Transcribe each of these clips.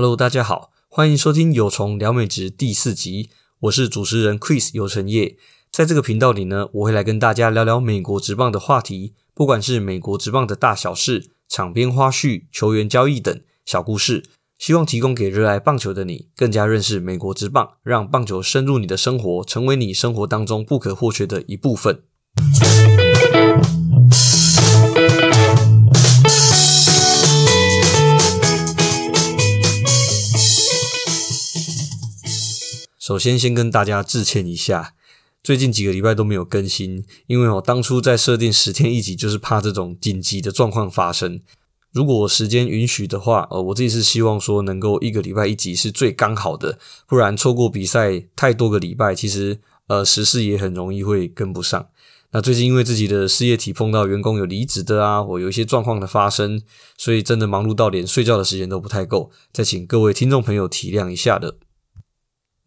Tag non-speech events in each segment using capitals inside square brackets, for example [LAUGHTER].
Hello，大家好，歡迎收聽《有蟲聊美職》第四集。我是主持人 Chris 有成業，在這個頻道裡呢，我會來跟大家聊聊美國職棒的話題，不管是美國職棒的大小事、場邊花絮、球員交易等小故事，希望提供給熱愛棒球的你，更加認識美國職棒，讓棒球深入你的生活，成為你生活當中不可或缺的一部分。首先，先跟大家致歉一下，最近幾個禮拜都沒有更新，因為我當初在設定十天一集，就是怕這種緊急的狀況發生。如果時間允許的話，呃，我自己是希望說能夠一個禮拜一集是最剛好的，不然錯過比賽太多個禮拜，其實呃時事也很容易會跟不上。那最近因為自己的事業體碰到員工有離職的啊，或有一些狀況的發生，所以真的忙碌到連睡覺的時間都不太夠，再請各位聽眾朋友體諒一下的。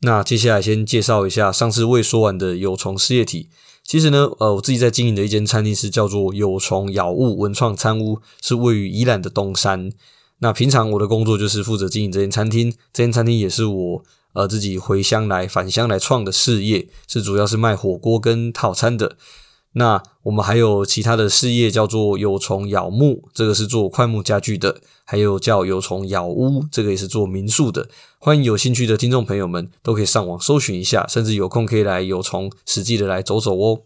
那接下來先介紹一下上次未說完的有蟲事業體。其實呢，呃，我自己在經營的一間餐廳是叫做“有蟲咬物文創餐屋”，是位於宜蘭的東山。那平常我的工作就是負責經營這間餐廳，這間餐廳也是我呃自己回鄉來返鄉來創的事業，是主要是賣火鍋跟套餐的。那我們還有其他的事業叫做“有蟲咬木”，這個是做快木家具的；還有叫“有蟲咬屋”，這個也是做民宿的。歡迎有興趣的聽眾朋友們都可以上網搜尋一下，甚至有空可以來有從實際的來走走哦。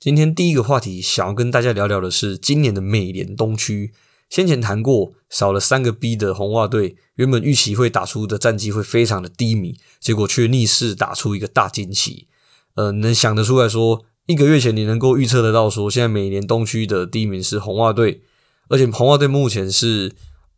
今天第一個話題，想要跟大家聊聊的是今年的美聯東區。先前談過少了三個 B 的紅襪隊，原本預期會打出的戰績會非常的低迷，結果卻逆勢打出一個大驚喜。呃，能想得出來說，一個月前你能夠預測得到說，現在美聯東區的第一名是紅襪隊，而且紅襪隊目前是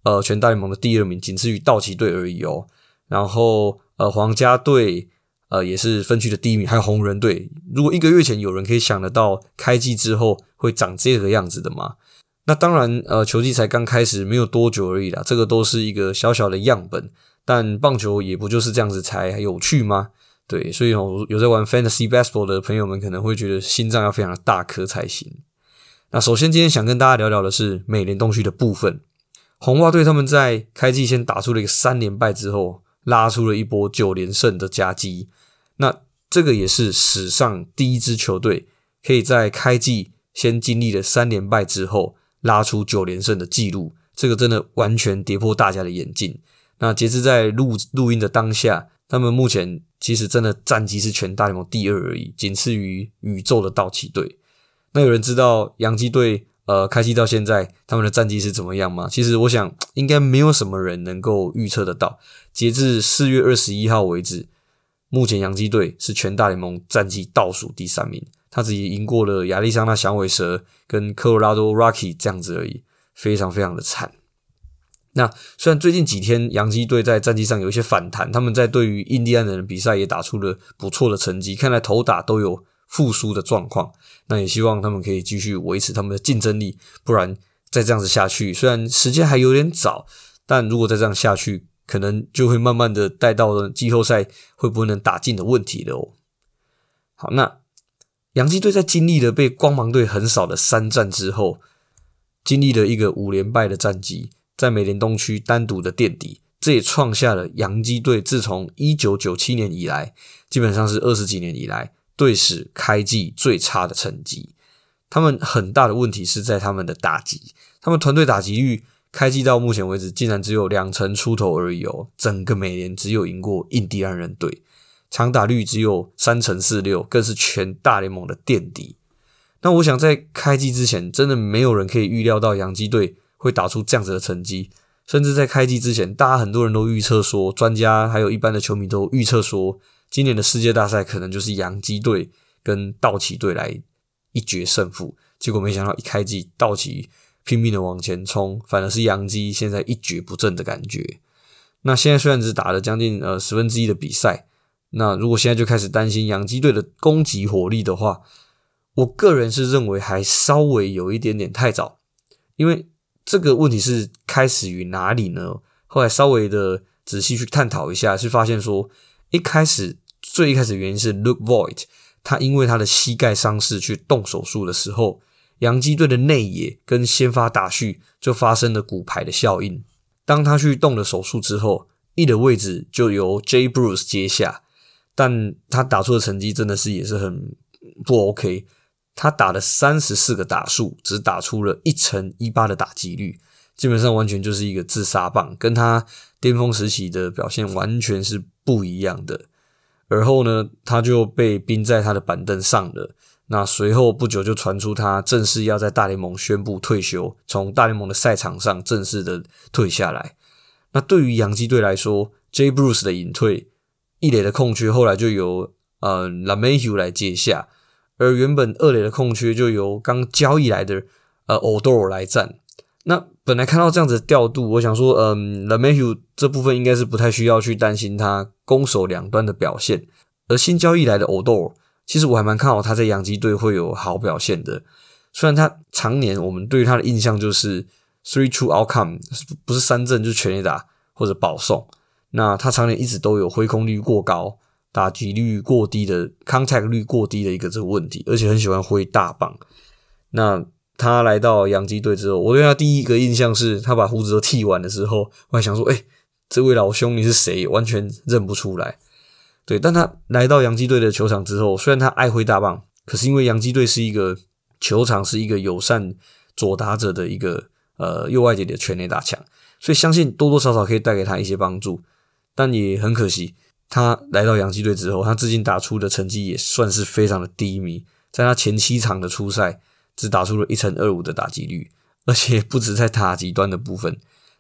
呃全大聯盟的第二名，僅次於道奇隊而已哦。然後呃，皇家隊呃也是分區的第一名，還有紅人隊。如果一個月前有人可以想得到開季之後會長這個樣子的嗎？那當然，呃，球季才剛開始，沒有多久而已啦。這個都是一個小小的樣本，但棒球也不就是這樣子才有趣嗎？對，所以有在玩 Fantasy Basketball 的朋友們可能會覺得心臟要非常的大顆才行。那首先今天想跟大家聊聊的是美聯東區的部分，紅襪隊他們在開季先打出了一個三連敗之後，拉出了一波九連勝的佳績。那這個也是史上第一支球隊可以在開季先經歷了三連敗之後，拉出九連勝的記錄，這個真的完全跌破大家的眼鏡。那截至在錄錄音的當下。他們目前其實真的戰績是全大聯盟第二而已，僅次於宇宙的道奇隊。那有人知道洋基隊呃開季到現在他們的戰績是怎麼樣嗎？其實我想應該沒有什麼人能夠預測得到。截至四月二十一號為止，目前洋基隊是全大聯盟戰績倒數第三名，他只贏過了亞利桑那響尾蛇跟科羅拉多 Rocky 這樣子而已，非常非常的慘。那雖然最近幾天洋基隊在戰績上有一些反彈，他們在對於印第安人的比賽也打出了不錯的成績，看來投打都有復甦的狀況。那也希望他們可以繼續維持他們的競爭力，不然再這樣子下去，雖然時間還有點早，但如果再這樣下去，可能就會慢慢的帶到了季後賽會不會能打進的問題了哦。好，那洋基隊在經歷了被光芒隊橫掃的三戰之後，經歷了一個五連敗的戰績。在美聯東區單獨的墊底，這也創下了洋基隊自從一九九七年以來，基本上是二十幾年以來隊史開季最差的成績。他們很大的問題是在他們的打擊，他們團隊打擊率開季到目前為止竟然只有兩成出頭而已哦，整個美聯只有贏過印第安人隊，長打率只有三成四六，更是全大聯盟的墊底。那我想在開季之前，真的沒有人可以預料到洋基隊。會打出這樣子的成績，甚至在開季之前，大家很多人都預測說，專家還有一般的球迷都預測說，今年的世界大賽可能就是洋基隊跟道奇隊來一決勝負。結果沒想到一開季，道奇拼命的往前衝，反而是洋基現在一蹶不振的感覺。那現在雖然只是打了將近呃十分之一的比賽，那如果現在就開始擔心洋基隊的攻擊火力的話，我個人是認為還稍微有一點點太早，因為。這個問題是開始於哪裡呢？後來稍微的仔細去探討一下，是發現說，一開始最一開始的原因是 Luke Voit，他因為他的膝蓋傷勢去動手術的時候，洋基隊的內野跟先發打序就發生了骨牌的效應。當他去動了手術之後，一的位置就由 Jay Bruce 接下，但他打出的成績真的是也是很不 OK。他打了三十四個打數，只打出了一成一八的打擊率，基本上完全就是一個自殺棒，跟他巔峰時期的表現完全是不一樣的。而後呢，他就被冰在他的板凳上了。那隨後不久就傳出他正式要在大聯盟宣布退休，從大聯盟的賽場上正式的退下來。那對於洋基隊來說，Jay Bruce 的隱退，一壘的空缺後來就由呃 LeMahieu 來接下。而原本二壘的空缺就由剛交易來的呃奧多爾來佔。那本來看到這樣子的調度，我想說，嗯，l m a 梅 u 這部分應該是不太需要去擔心他攻守兩端的表現。而新交易來的奧多爾，其實我還蠻看好他在養基隊會有好表現的。雖然他常年我們對他的印象就是 three two outcome，不是三振就是全力打或者保送。那他常年一直都有揮空率過高，打擊率過低的 contact 率過低的一個這個問題，而且很喜歡揮大棒。那他來到洋基隊之後，我對他第一個印象是他把鬍子都剃完的時候，我還想說：“哎、欸，這位老兄你是誰？”完全認不出來。對，但他來到洋基隊的球場之後，雖然他愛揮大棒，可是因為洋基隊是一個球場是一個友善左打者的一個呃右外野的全壘打牆，所以相信多多少少可以帶給他一些幫助，但也很可惜。他來到洋基隊之後，他至今打出的成績也算是非常的低迷。在他前七場的出賽，只打出了一成二五的打擊率，而且不止在打擊端的部分，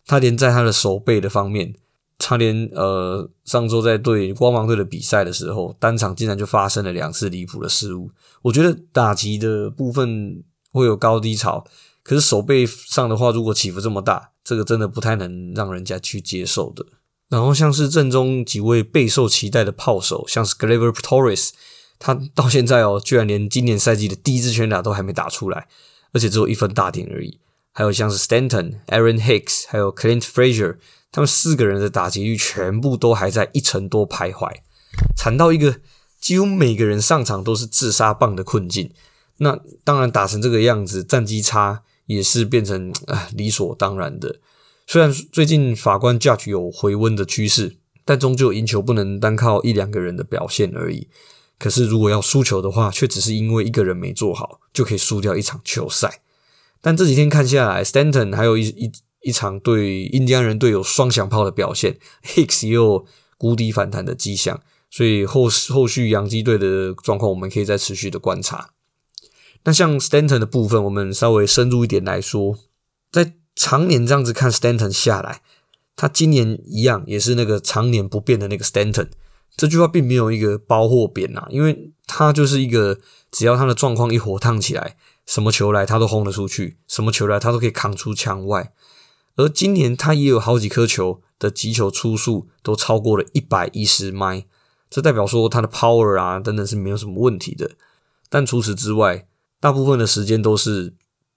他連在他的守備的方面，他連呃上周在對光芒隊的比賽的時候，單場竟然就發生了兩次離譜的失誤。我覺得打擊的部分會有高低潮，可是守備上的話，如果起伏這麼大，這個真的不太能讓人家去接受的。然後像是陣中幾位備受期待的炮手，像是 Gleyber Torres 他到現在哦，居然連今年賽季的第一支全打都還沒打出來，而且只有一分打點而已。還有像是 Stanton、Aaron Hicks，還有 Clint Frazier，他們四個人的打擊率全部都還在一成多徘徊，慘到一個幾乎每個人上場都是自殺棒的困境。那當然打成這個樣子，戰績差也是變成啊理所當然的。雖然最近法官 Judge 有回溫的趨勢，但終究贏球不能單靠一兩個人的表現而已。可是，如果要輸球的話，卻只是因為一個人沒做好就可以輸掉一場球賽。但這幾天看下來，Stanton 還有一一一，一場對印第安人隊有雙響炮的表現，Hicks 也有谷底反彈的跡象，所以後後續洋基隊的狀況，我們可以再持續的觀察。那像 Stanton 的部分，我們稍微深入一點來說，在。常年這樣子看 Stanton 下來，他今年一樣也是那個常年不變的那個 Stanton。這句話並沒有一個褒或貶啊，因為他就是一個只要他的狀況一火燙起來，什麼球來他都轟得出去，什麼球來他都可以扛出牆外。而今年他也有好幾顆球的擊球出速都超過了一百一十邁，這代表說他的 power 啊等等是沒有什麼問題的。但除此之外，大部分的時間都是。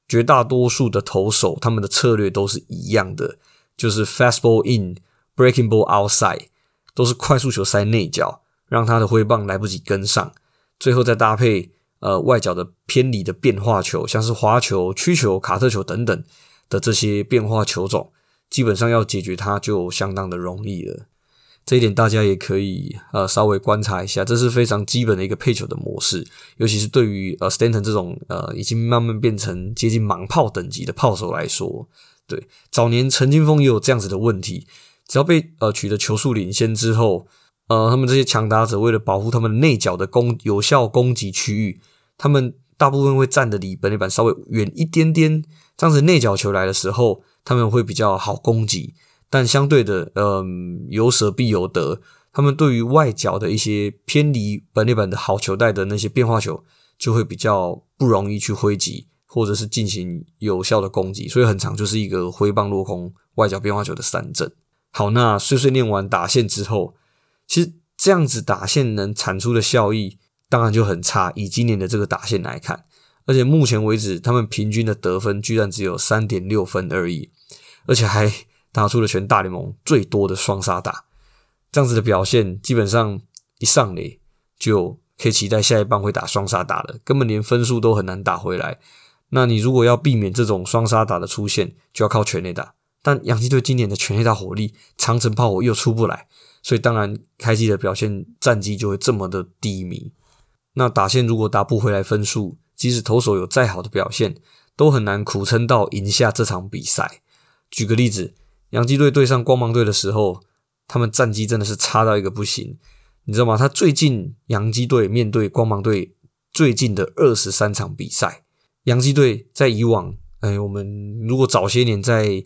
絕大多數的投手，他們的策略都是一樣的，就是 fastball in，breaking ball outside，都是快速球塞內角，讓他的揮棒來不及跟上，最後再搭配，呃，外角的偏離的變化球，像是滑球、曲球、卡特球等等的這些變化球種，基本上要解決它就相當的容易了。這一點大家也可以呃稍微觀察一下，這是非常基本的一個配球的模式，尤其是對於呃 Stanton 這種呃已經慢慢變成接近盲炮等級的炮手來說，對早年陳金鋒也有這樣子的問題，只要被呃取得球數領先之後，呃他們這些強打者為了保護他們內角的攻有效攻擊區域，他們大部分會站得離本壘板稍微遠一點點，這樣子內角球來的時候他們會比較好攻擊。但相對的，嗯、呃，有捨必有得。他們對於外角的一些偏離本壘板的好球帶的那些變化球，就會比較不容易去揮擊，或者是進行有效的攻擊。所以很常就是一個揮棒落空，外角變化球的三振。好，那碎碎念完打線之後，其實這樣子打線能產出的效益，當然就很差。以今年的這個打線來看，而且目前為止，他們平均的得分居然只有三點六分而已，而且還。拿出了全大聯盟最多的雙殺打，這樣子的表現，基本上一上壘就可以期待下一棒會打雙殺打了，根本連分數都很難打回來。那你如果要避免這種雙殺打的出現，就要靠全壘打。但洋基隊今年的全壘打火力，長城炮火又出不來，所以當然開季的表現戰績就會這麼的低迷。那打線如果打不回來分數，即使投手有再好的表現，都很難苦撐到贏下這場比賽。舉個例子。洋基隊對上光芒隊的時候，他們戰績真的是差到一個不行，你知道嗎？他最近洋基隊面對光芒隊最近的二十三場比賽，洋基隊在以往，哎，我們如果早些年在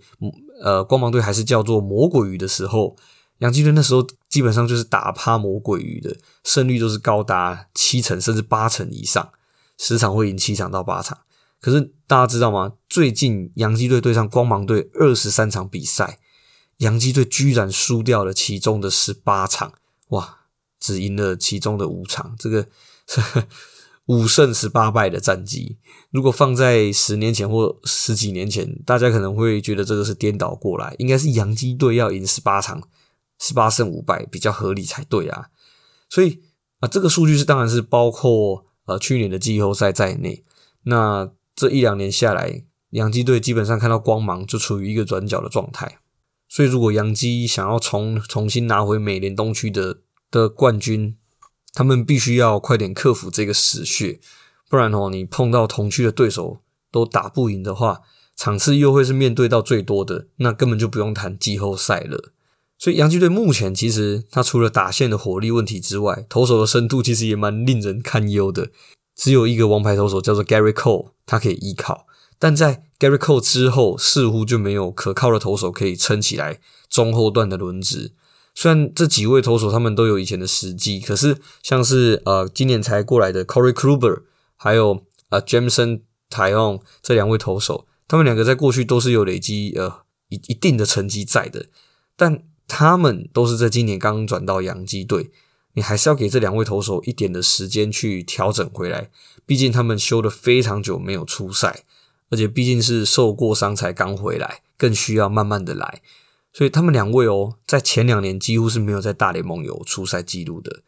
呃光芒隊還是叫做魔鬼魚的時候，洋基隊那時候基本上就是打趴魔鬼魚的，勝率都是高達七成甚至八成以上，十場會贏七場到八場。可是大家知道嗎？最近洋基隊對上光芒隊二十三場比賽，洋基隊居然輸掉了其中的十八場，哇，只贏了其中的五場，這個呵呵五勝十八敗的戰績，如果放在十年前或十幾年前，大家可能會覺得這個是顛倒過來，應該是洋基隊要贏十八場，十八勝五敗比較合理才對啊。所以啊，這個數據是當然是包括呃去年的季後賽在內，那。這一兩年下來，洋基隊基本上看到光芒就處於一個軟腳的狀態。所以，如果洋基想要重重新拿回美聯東區的的冠軍，他們必須要快點克服這個死穴，不然哦，你碰到同區的對手都打不贏的話，場次又會是面對到最多的，那根本就不用談季後賽了。所以，洋基隊目前其實他除了打線的火力問題之外，投手的深度其實也蠻令人堪憂的。只有一個王牌投手叫做 Gary Cole，他可以依靠，但在 Gary Cole 之後，似乎就沒有可靠的投手可以撐起來中後段的輪值。雖然這幾位投手他們都有以前的實際，可是像是呃今年才過來的 Corey Kluber 還有啊、呃、Jameson Taillon 這兩位投手，他們兩個在過去都是有累積呃一一定的成績在的，但他們都是在今年剛轉到洋基隊。你還是要給這兩位投手一點的時間去調整回來，畢竟他們休了非常久沒有出賽，而且畢竟是受過傷才剛回來，更需要慢慢的來。所以他們兩位哦，在前兩年幾乎是沒有在大聯盟有出賽記錄的，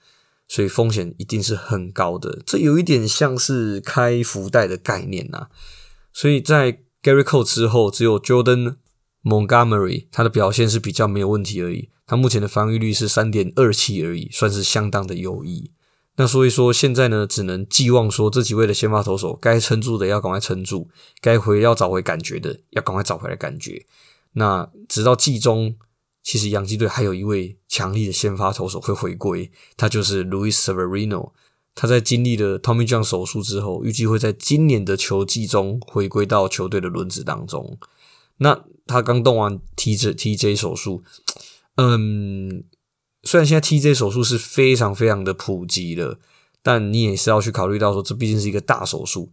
所以風險一定是很高的。這有一點像是開福袋的概念吶、啊。所以在 Gerrit Cole 之後，只有 Jordan。Montgomery 他的表現是比較沒有問題而已，他目前的防禦率是三點二七而已，算是相當的優異。那所以說現在呢，只能寄望說這幾位的先發投手，該撐住的要趕快撐住，該回要找回感覺的要趕快找回來感覺。那直到季中，其實洋基隊還有一位強力的先發投手會回歸，他就是 Luis Severino，他在經歷了 Tommy John 手術之後，預計會在今年的球季中回歸到球隊的輪值當中。那他剛動完 TJ TJ 手術，嗯，雖然現在 TJ 手術是非常非常的普及了，但你也是要去考慮到說，這畢竟是一個大手術，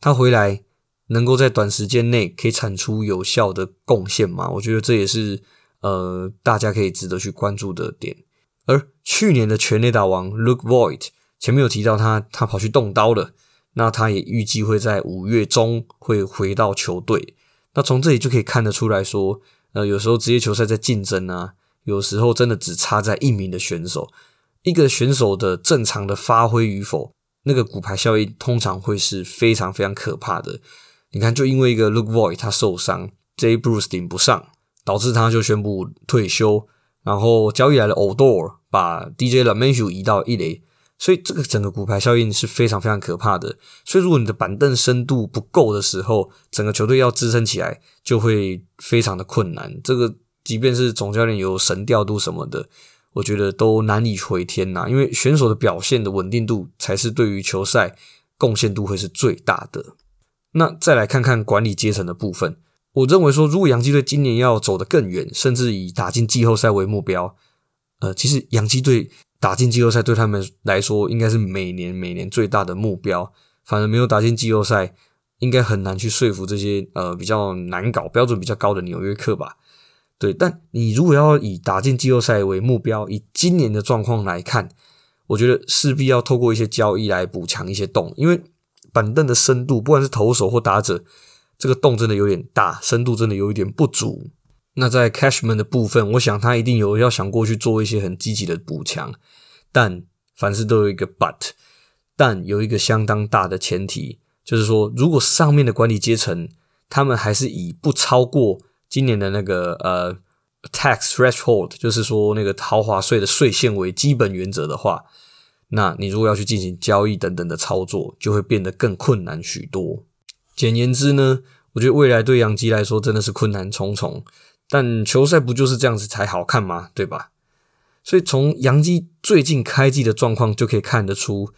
他回來能夠在短時間內可以產出有效的貢獻嘛？我覺得這也是呃，大家可以值得去關注的點。而去年的全壘打王 Luke Voight，前面有提到他，他跑去動刀了，那他也預計會在五月中會回到球隊。那從這裡就可以看得出來說，呃，有時候職業球賽在競爭啊，有時候真的只差在一名的選手，一個選手的正常的發揮與否，那個骨牌效應通常會是非常非常可怕的。你看，就因為一個 Luke Voit 他受傷，Jay Bruce 頂不上，導致他就宣布退休，然後交易來的 Odor，把 DJ LeMahieu 移到一壘。所以這個整個骨牌效應是非常非常可怕的。所以如果你的板凳深度不夠的時候，整個球隊要支撐起來就會非常的困難。這個即便是總教練有神調度什麼的，我覺得都難以回天吶、啊。因為選手的表現的穩定度才是對於球賽貢獻度會是最大的。那再來看看管理階層的部分，我認為說如果洋基隊今年要走得更遠，甚至以打進季後賽為目標，呃，其實洋基隊。打進季後賽對他們來說應該是每年每年最大的目標。反正沒有打進季後賽，應該很難去說服這些呃比較難搞、標準比較高的紐約客吧？對。但你如果要以打進季後賽為目標，以今年的狀況來看，我覺得勢必要透過一些交易來補強一些洞，因為板凳的深度，不管是投手或打者，這個洞真的有點大，深度真的有一點不足。那在 cashman 的部分，我想他一定有要想過去做一些很積極的補強，但凡事都有一個 but，但有一個相當大的前提，就是說如果上面的管理階層他們還是以不超過今年的那個呃、uh, tax threshold，就是說那個豪華稅的稅限為基本原則的話，那你如果要去進行交易等等的操作，就會變得更困難許多。簡言之呢，我覺得未來對洋基來說真的是困難重重。但球賽不就是這樣子才好看嗎？對吧？所以從洋基最近開季的狀況就可以看得出，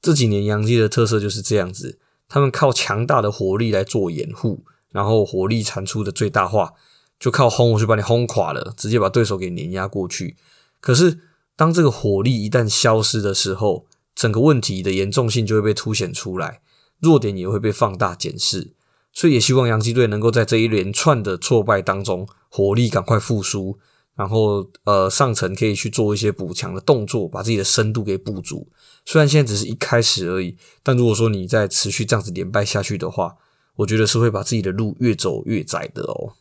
這幾年洋基的特色就是這樣子：他們靠強大的火力來做掩護，然後火力產出的最大化，就靠轟，我就把你轟垮了，直接把對手給碾壓過去。可是當這個火力一旦消失的時候，整個問題的嚴重性就會被凸顯出來，弱點也會被放大檢視。所以也希望洋基隊能夠在這一連串的挫敗當中，火力趕快復甦，然後呃上層可以去做一些補強的動作，把自己的深度給補足。雖然現在只是一開始而已，但如果說你再持續這樣子連敗下去的話，我覺得是會把自己的路越走越窄的哦。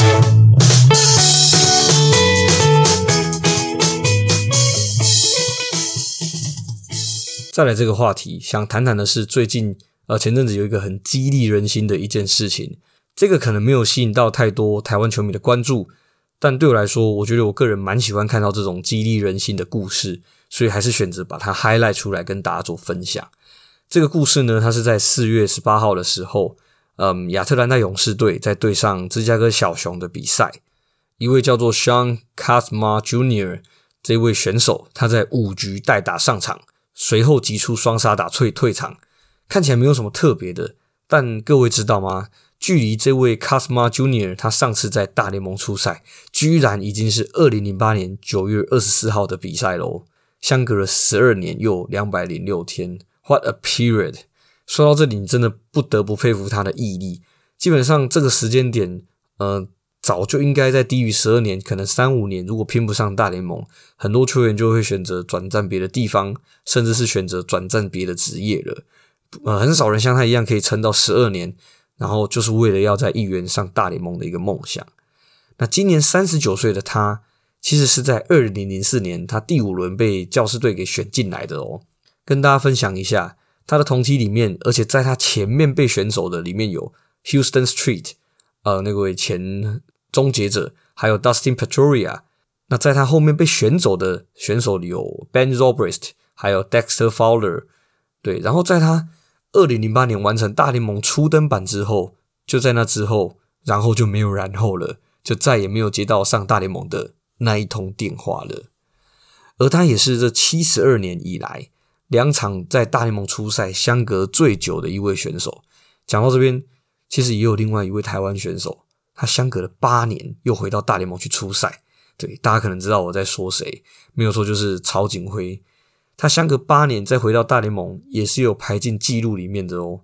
[MUSIC] 再來這個話題，想談談的是最近呃前陣子有一個很激勵人心的一件事情，這個可能沒有吸引到太多台灣球迷的關注，但對我來說，我覺得我個人蠻喜歡看到這種激勵人心的故事，所以還是選擇把它 highlight 出來跟大家做分享。這個故事呢，它是在四月十八號的時候，嗯，亞特蘭大勇士隊在對上芝加哥小熊的比賽，一位叫做 Sean Kazmar Jr. 這一位選手，他在五局代打上場。隨後擊出雙殺打脆退，退場，看起來沒有什麼特別的。但各位知道嗎？距離這位 Kazmar Junior 他上次在大聯盟出賽，居然已經是二零零八年九月二十四號的比賽了，相隔了十二年又兩百零六天。What a period！說到這裡，你真的不得不佩服他的毅力。基本上這個時間點，呃早就應該在低於十二年，可能三五年，如果拼不上大聯盟，很多球員就會選擇轉戰別的地方，甚至是選擇轉戰別的職業了。呃，很少人像他一樣可以撐到十二年，然後就是為了要在圓上大聯盟的一個夢想。那今年三十九歲的他，其實是在二零零四年，他第五輪被教士隊給選進來的哦。跟大家分享一下，他的同期裡面，而且在他前面被選走的裡面有 Houston Street，呃，那位前。終結者，還有 Dustin Pedroia，那在他後面被選走的選手有 Ben Zobrist，還有 Dexter Fowler。對，然後在他二零零八年完成大聯盟初登板之後，就在那之後，然後就沒有然後了，就再也沒有接到上大聯盟的那一通電話了。而他也是這七十二年以來兩場在大聯盟出賽相隔最久的一位選手。講到這邊，其實也有另外一位台灣選手。他相隔了八年，又回到大聯盟去出賽。對，大家可能知道我在說誰，沒有錯，就是曹錦輝。他相隔八年再回到大聯盟，也是有排進記錄裡面的哦。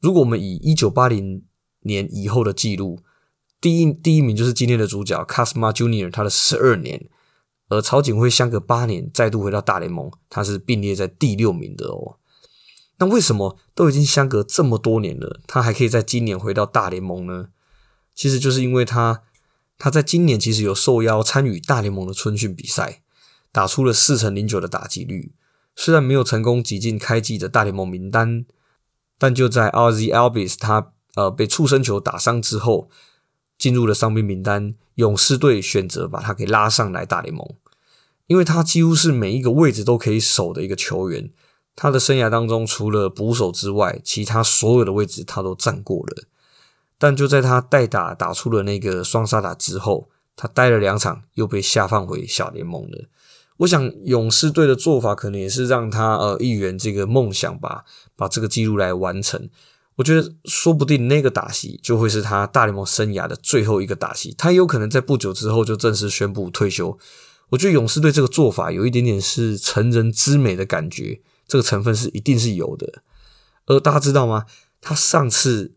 如果我們以一九八零年以後的記錄，第一第一名就是今天的主角 Kazmar Jr.，他的十二年，而曹錦輝相隔八年再度回到大聯盟，他是並列在第六名的哦。那為什麼都已經相隔這麼多年了，他還可以在今年回到大聯盟呢？其實就是因為他，他在今年其實有受邀參與大聯盟的春訓比賽，打出了四成零九的打擊率。雖然沒有成功擠進開季的大聯盟名單，但就在 Ozzie Albies 他呃被觸身球打傷之後，進入了傷兵名單，勇士隊選擇把他給拉上來大聯盟，因為他幾乎是每一個位置都可以守的一個球員。他的生涯當中，除了捕手之外，其他所有的位置他都站過了。但就在他代打打出了那個雙殺打之後，他待了兩場，又被下放回小聯盟了。我想勇士隊的做法可能也是讓他呃一圓這個夢想吧，把這個記錄來完成。我覺得說不定那個打席就會是他大聯盟生涯的最後一個打席，他也有可能在不久之後就正式宣布退休。我覺得勇士隊這個做法有一點點是成人之美的感覺，這個成分是一定是有的。而大家知道嗎？他上次。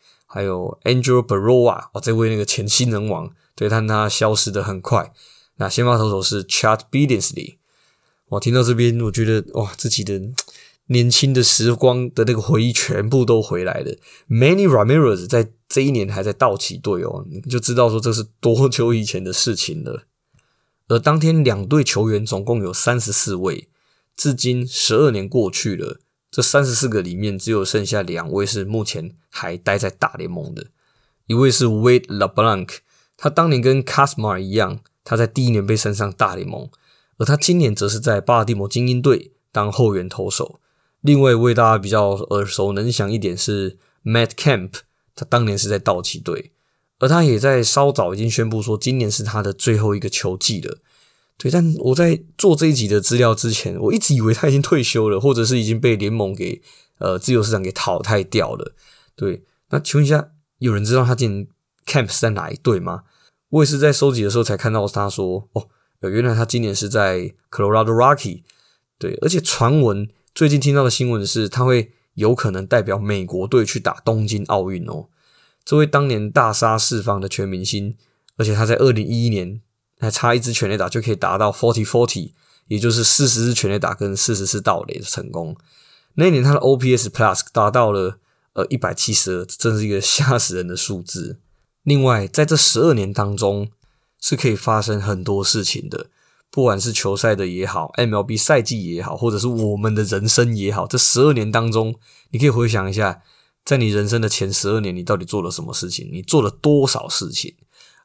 還有 Angel Berroa、哦、這位那個前新人王，對他，但他消失的很快。那先發投手是 Chad Billingsley。哇，聽到這邊，我覺得哇，自己的年輕的時光的那個回憶全部都回來了。Manny Ramirez 在這一年還在道奇隊哦，你就知道說這是多久以前的事情了。而當天兩隊球員總共有三十四位，至今十二年過去了。這三十四個裡面，只有剩下兩位是目前還待在大聯盟的。一位是 Wade LeBlanc，他當年跟 Kazmar 一樣，他在第一年被升上大聯盟，而他今年則是在巴爾的摩金鶯隊當後援投手。另外為大家比較耳熟能詳一點是 Matt Kemp，他當年是在道奇隊，而他也在稍早已經宣布說，今年是他的最後一個球季了。對，但我在做這一集的資料之前，我一直以為他已經退休了，或者是已經被聯盟給呃自由市場給淘汰掉了。對，那請問一下，有人知道他今年 Camp 是在哪一隊嗎？我也是在收集的時候才看到他說，哦，原來他今年是在 Colorado Rocky。對，而且傳聞最近聽到的新聞是，他會有可能代表美國隊去打東京奧運哦。這位當年大殺四方的全明星，而且他在二零一一年，還差一支全壘打就可以達到 forty forty，也就是四十支全壘打跟四十次盜壘的成功。那一年他的 OPS plus 達到了呃一百七十二，172，真是一個嚇死人的數字。另外，在這十二年當中，是可以發生很多事情的，不管是球賽的也好，MLB 賽季也好，或者是我們的人生也好。這十二年當中，你可以回想一下，在你人生的前十二年，你到底做了什麼事情？你做了多少事情？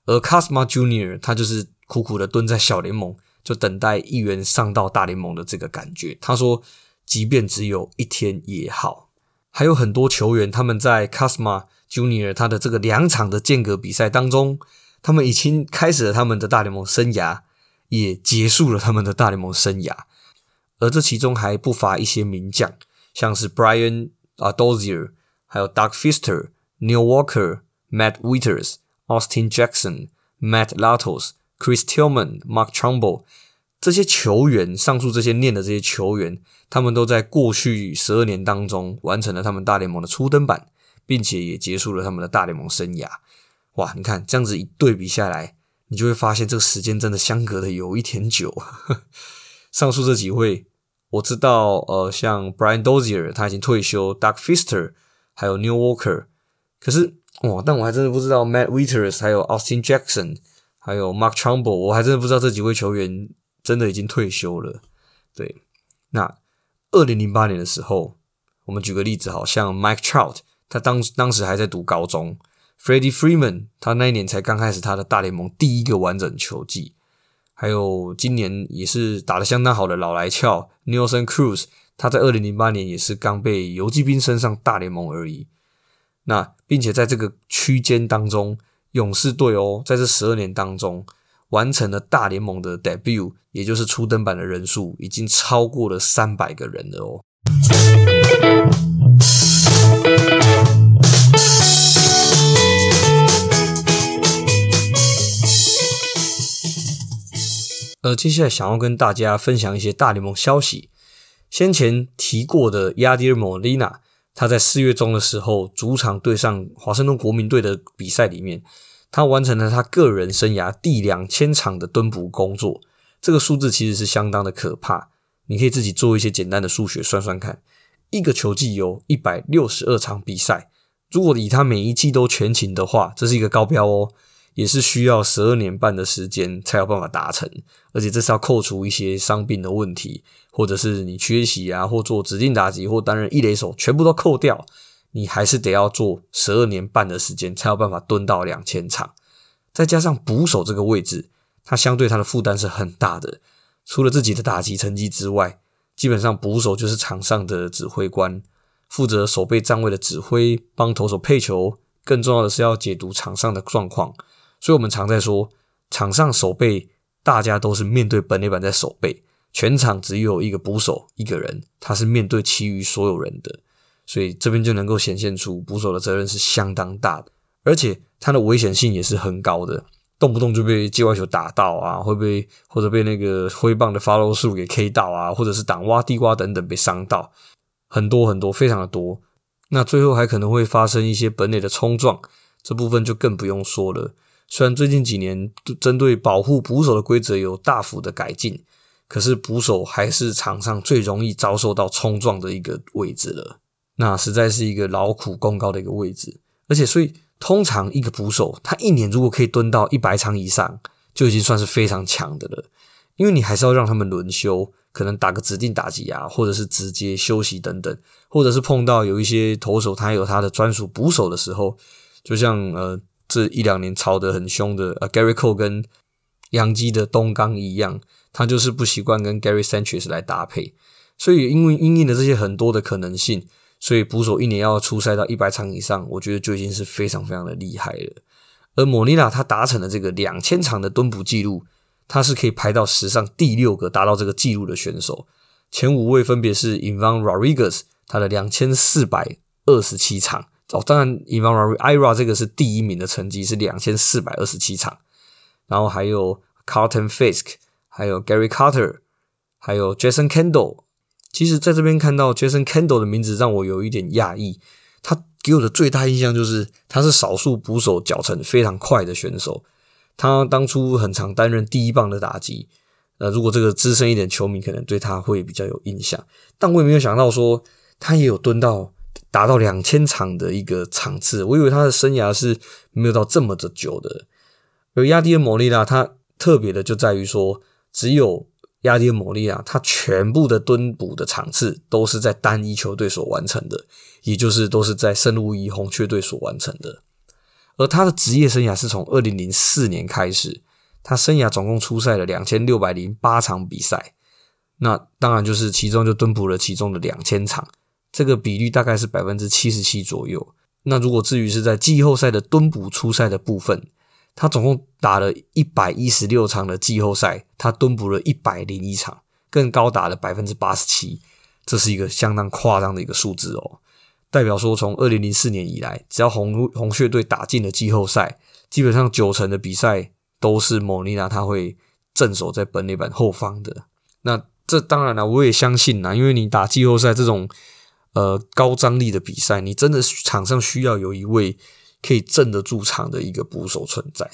而 Kazmar Junior 他就是。苦苦的蹲在小聯盟，就等待一圓上到大聯盟的這個感覺。他說，即便只有一天也好。還有很多球員，他們在 Kazmar Jr. 他的這個兩場的間隔比賽當中，他們已經開始了他們的大聯盟生涯，也結束了他們的大聯盟生涯。而這其中還不乏一些名將，像是 Brian Dozier，還有 Doug Fister，Neil Walker，Matt Wieters，Austin Jackson，Matt Latos。Chris Tillman、Mark Trumbo 這些球員，上述這些念的這些球員，他們都在過去十二年當中完成了他們大聯盟的初登板，並且也結束了他們的大聯盟生涯。哇，你看這樣子一對比下來，你就會發現這個時間真的相隔的有一點久。 [LAUGHS] 上述這幾位，我知道，呃，像 Brian Dozier 他已經退休，Doug Fister 還有 New Walker，可是，哇，但我還真的不知道 Matt Wieters 還有 Austin Jackson。還有 Mark Trumbo，我還真的不知道這幾位球員真的已經退休了。對，那二零零八年的時候，我們舉個例子好，好像 Mike Trout，他當當時還在讀高中；Freddie Freeman，他那一年才剛開始他的大聯盟第一個完整球季；還有今年也是打得相當好的老來俏 Nelson Cruz，他在二零零八年也是剛被游擊兵升上大聯盟而已。那並且在這個區間當中。勇士隊哦，在這十二年當中，完成了大聯盟的 debut，也就是初登板的人數，已經超過了三百個人了哦。呃，接下來想要跟大家分享一些大聯盟消息，先前提過的亞迪爾莫里納。他在四月中的時候，主場對上華盛頓國民隊的比賽裡面，他完成了他個人生涯第兩千場的蹲捕工作。這個數字其實是相當的可怕，你可以自己做一些簡單的數學算算看。一個球季有一百六十二場比賽，如果以他每一季都全勤的話，這是一個高標哦。也是需要十二年半的時間才有辦法達成，而且這是要扣除一些傷病的問題，或者是你缺席啊，或做指定打擊，或擔任一壘手，全部都扣掉，你還是得要做十二年半的時間才有辦法蹲到兩千場，再加上捕手這個位置，他相對他的負擔是很大的，除了自己的打擊成績之外，基本上捕手就是場上的指揮官，負責守備站位的指揮，幫投手配球，更重要的是要解讀場上的狀況。所以我們常在說，場上守備大家都是面對本壘板在守備，全場只有一個捕手一個人，他是面對其餘所有人的，所以這邊就能夠顯現出捕手的責任是相當大的，而且他的危險性也是很高的，動不動就被界外球打到啊，會被或者被那個揮棒的 follow 數給 K 到啊，或者是擋挖地瓜等等被傷到很多很多，非常的多。那最後還可能會發生一些本壘的衝撞，這部分就更不用說了。雖然最近幾年針對保護捕手的規則有大幅的改進，可是捕手還是場上最容易遭受到衝撞的一個位置了。那實在是一個勞苦功高的一個位置，而且所以通常一個捕手他一年如果可以蹲到一百場以上，就已經算是非常強的了。因為你還是要讓他們輪休，可能打個指定打擊啊，或者是直接休息等等，或者是碰到有一些投手他有他的專屬捕手的時候，就像呃。是一兩年吵得很兇的，啊，Gary Cole 跟洋基的東剛一樣，他就是不習慣跟 Gary Sanchez 來搭配，所以因為因應了這些很多的可能性，所以捕手一年要出賽到一百場以上，我覺得就已經是非常非常的厲害了。而 Molina 他達成了這個兩千場的蹲捕記錄，他是可以排到史上第六個達到這個記錄的選手，前五位分別是 Ivan Rodriguez，他的兩千四百二十七場。哦，當然，Ira 這個是第一名的成績是兩千四百二十七場，然後還有 Carlton Fisk，還有 Gary Carter，還有 Jason Kendall。其實在這邊看到 Jason Kendall 的名字，讓我有一點訝異。他給我的最大印象就是，他是少數捕手腳程非常快的選手。他當初很常擔任第一棒的打擊。呃，如果這個資深一點球迷可能對他會比較有印象，但我也沒有想到說他也有蹲到，達到兩千場的一個場次，我以為他的生涯是沒有到這麼的久的。而亞迪爾·摩利拉他特別的就在於說，只有亞迪爾·摩利拉他全部的蹲捕的場次都是在單一球隊所完成的，也就是都是在聖路易紅雀隊所完成的。而他的職業生涯是從二零零四年開始，他生涯總共出賽了兩千六百零八場比賽，那當然就是其中就蹲捕了其中的兩千場。這個比率大概是百分之七十七左右。那如果至於是在季後賽的蹲捕出賽的部分，他總共打了一百一十六場的季後賽，他蹲捕了一百零一場，更高達了百分之八十七，這是一個相當誇張的一個數字哦。代表說，從二零零四年以來，只要紅紅雀隊打進了季後賽，基本上九成的比賽都是莫里納他會鎮守在本壘板後方的。那這當然了，我也相信吶，因為你打季後賽這種。呃，高張力的比賽，你真的場上需要有一位可以鎮得住場的一個捕手存在。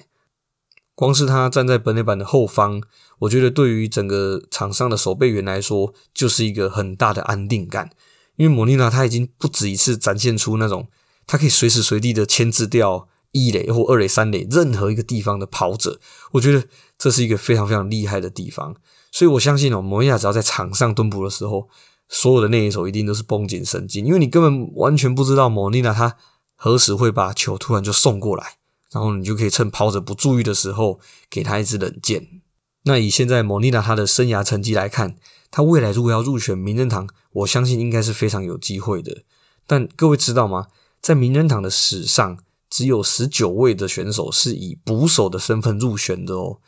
光是他站在本壘板的後方，我覺得對於整個場上的守備員來說，就是一個很大的安定感。因為莫利納他已經不止一次展現出那種他可以隨時隨地的牽制掉一壘或二壘、三壘任何一個地方的跑者，我覺得這是一個非常非常厲害的地方。所以我相信哦，莫利納只要在場上蹲捕的時候，所有的內野手一定都是繃緊神經，因為你根本完全不知道 Molina 她何時會把球突然就送過來，然後你就可以趁跑者不注意的時候給他一支冷箭。那以現在 Molina 她的生涯成績來看，她未來如果要入選名人堂，我相信應該是非常有機會的。但各位知道嗎？在名人堂的史上，只有十九位的選手是以捕手的身份入選的哦。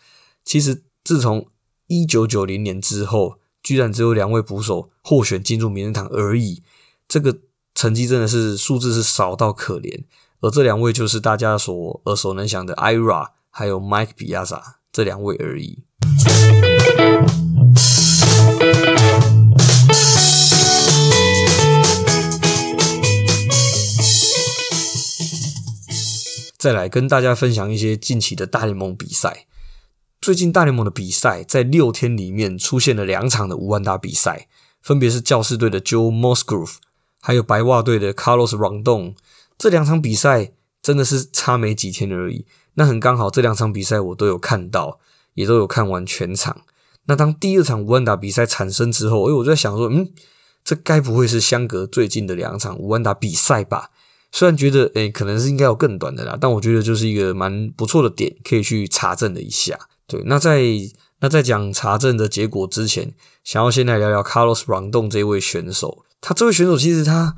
其實自從一九九零年之後。居然只有兩位捕手獲選進入名人堂而已，這個成績真的是數字是少到可憐。而這兩位就是大家所耳熟能詳的 Ira 還有 Mike Piazza 這兩位而已。再來跟大家分享一些近期的大聯盟比賽。最近大聯盟的比賽，在六天裡面出現了兩場的無安打比賽，分別是教士隊的 Joe Musgrove，還有白襪隊的 Carlos Rodón。這兩場比賽真的是差沒幾天而已。那很剛好，這兩場比賽我都有看到，也都有看完全場。那當第二場無安打比賽產生之後，誒，我就在想說，嗯，這該不會是相隔最近的兩場無安打比賽吧？雖然覺得、欸，誒可能是應該有更短的啦，但我覺得就是一個蠻不錯的點，可以去查證了一下。對，那在那在講查證的結果之前，想要先來聊聊 Carlos Rodón 這一位選手。他這位選手其實他，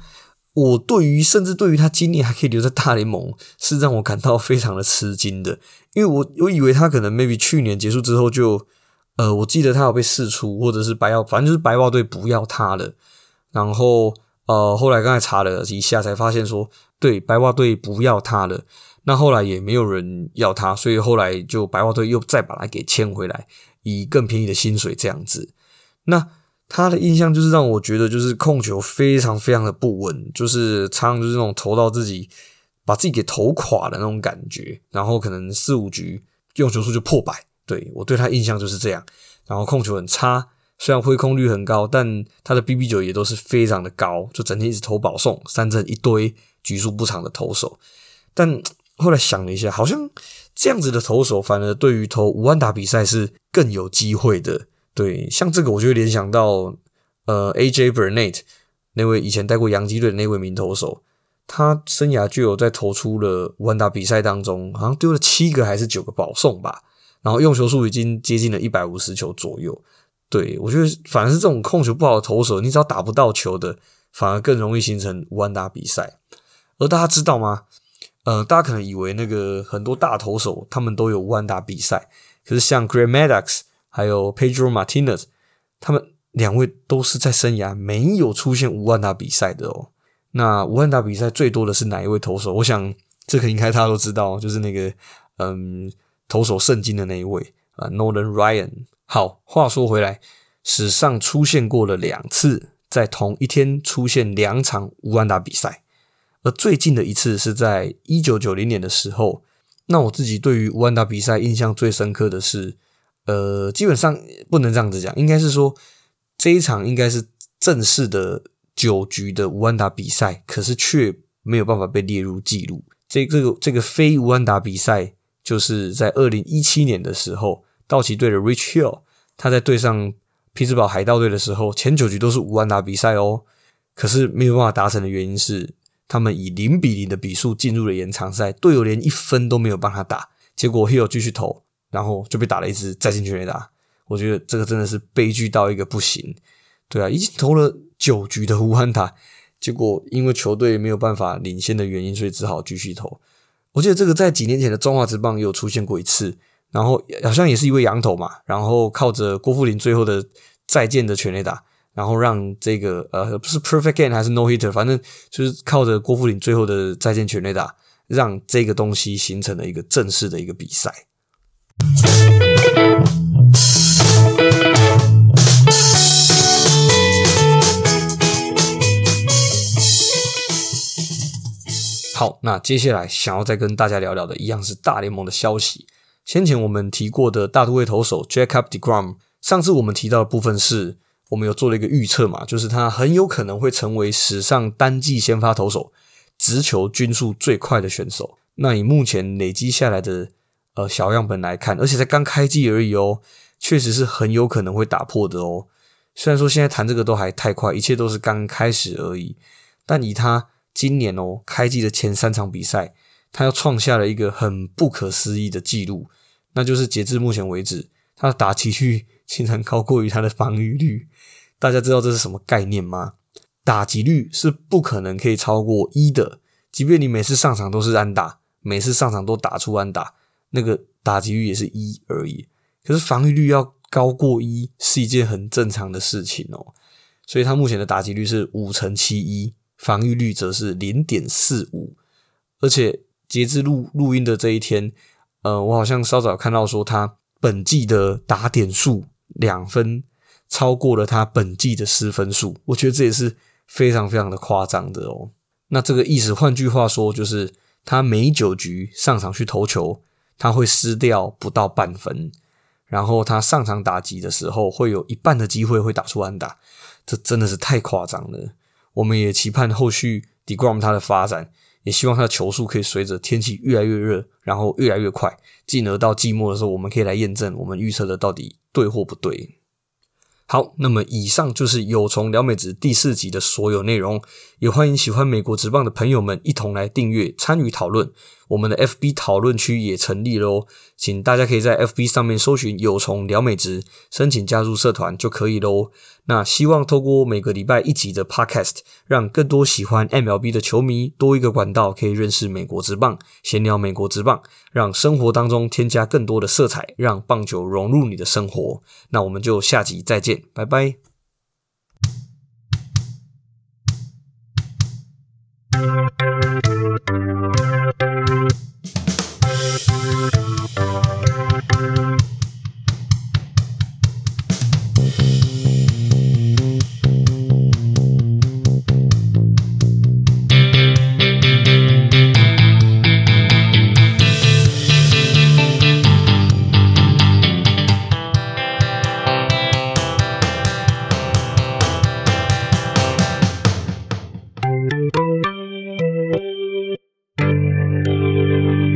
我對於甚至對於他今年還可以留在大聯盟，是讓我感到非常的吃驚的。因為我我以為他可能 maybe 去年結束之後就，呃，我記得他有被釋出，或者是白襪，反正就是白襪隊不要他了。然後呃，後來剛才查了一下，才發現說，對，白襪隊不要他了。那後來也沒有人要他，所以後來就白襪隊又再把他給簽回來，以更便宜的薪水這樣子。那他的印象就是讓我覺得就是控球非常非常的不穩，就是常常就是那種投到自己把自己給投垮的那種感覺。然後可能四五局用球數就破百，對，我對他印象就是這樣。然後控球很差，雖然揮空率很高，但他的 BB9 也都是非常的高，就整天一直投保送三振一堆局數不長的投手，但。後來想了一下，好像這樣子的投手，反而對於投無安打比賽是更有機會的。對，像這個，我就會聯想到呃，A. J. Burnett 那位以前帶過洋基隊的那位名投手，他生涯就有在投出了無安打比賽當中，好像丟了七個還是九個保送吧，然後用球數已經接近了一百五十球左右。對，我覺得，反而是這種控球不好的投手，你只要打不到球的，反而更容易形成無安打比賽。而大家知道嗎？呃，大家可能以為那個很多大投手他們都有無安打比賽，可是像 Greg Maddux 還有 Pedro Martinez，他們兩位都是在生涯沒有出現無安打比賽的哦。那無安打比賽最多的是哪一位投手？我想這個應該大家都知道，就是那個嗯，投手聖經的那一位啊，呃，Nolan Ryan。好，話說回來，史上出現過了兩次，在同一天出現兩場無安打比賽。而最近的一次是在一九九零年的時候。那我自己對於無安打比賽印象最深刻的是，呃，基本上不能這樣子講，應該是說，這一場應該是正式的九局的無安打比賽，可是卻沒有辦法被列入記錄。這個、這個這個非無安打比賽，就是在二零一七年的時候，道奇隊的 Rich Hill 他在對上匹茲堡海盜隊的時候，前九局都是無安打比賽哦，可是沒有辦法達成的原因是。他們以零比零的比數進入了延長賽，隊友連一分都沒有幫他打，結果又繼續投，然後就被打了一支再見全壘打。我覺得這個真的是悲劇到一個不行。對啊，已經投了九局的無安打，結果因為球隊沒有辦法領先的原因，所以只好繼續投。我記得這個在幾年前的中華職棒也有出現過一次，然後好像也是一位洋投嘛，然後靠着郭富林最後的再見的全壘打。然後讓這個呃不是 perfect game 還是 no hitter，反正就是靠着郭富林最後的再見全壘打，讓這個東西形成了一個正式的一個比賽。好，那接下來想要再跟大家聊聊的，一樣是大聯盟的消息。先前我們提過的大都會投手 Jacob deGrom，上次我們提到的部分是，我們有做了一個預測嘛，就是他很有可能會成為史上單季先發投手直球均速最快的選手。那以目前累積下來的呃小樣本來看，而且才剛開季而已哦，確實是很有可能會打破的哦。雖然說現在談這個都還太快，一切都是剛剛開始而已。但以他今年哦開季的前三場比賽，他又創下了一個很不可思議的記錄，那就是截至目前為止，他的打擊率經常高過於他的防禦率，大家知道這是什麼概念嗎？打擊率是不可能可以超過一的，即便你每次上場都是安打，每次上場都打出安打，那個打擊率也是一而已。可是防禦率要高過一是一件很正常的事情哦、喔。所以，他目前的打擊率是五成七一，防禦率則是零點四五。而且，截至錄錄音的這一天，呃，我好像稍早看到說他。本季的打點數兩分超過了他本季的失分數，我覺得這也是非常非常的誇張的哦。那這個意思，換句話說，就是他每九局上場去投球，他會失掉不到半分，然後他上場打擊的時候，會有一半的機會會打出安打，這真的是太誇張了。我們也期盼後續 deGrom 他的發展。也希望他的球速可以隨着天氣越來越熱，然後越來越快，進而到季末的時候，我們可以來驗證我們預測的到底對或不對。好，那麼以上就是有從聊美職第四集的所有內容，也歡迎喜歡美國職棒的朋友們一同來訂閱、參與討論。我們的 FB 討論區也成立了哦，請大家可以在 FB 上面搜尋“有蟲聊美職”，申請加入社團就可以嘍、哦。那希望透過每個禮拜一集的 Podcast，讓更多喜歡 MLB 的球迷多一個管道，可以認識美國職棒，閒聊美國職棒，讓生活當中添加更多的色彩，讓棒球融入你的生活。那我們就下集再見，拜拜。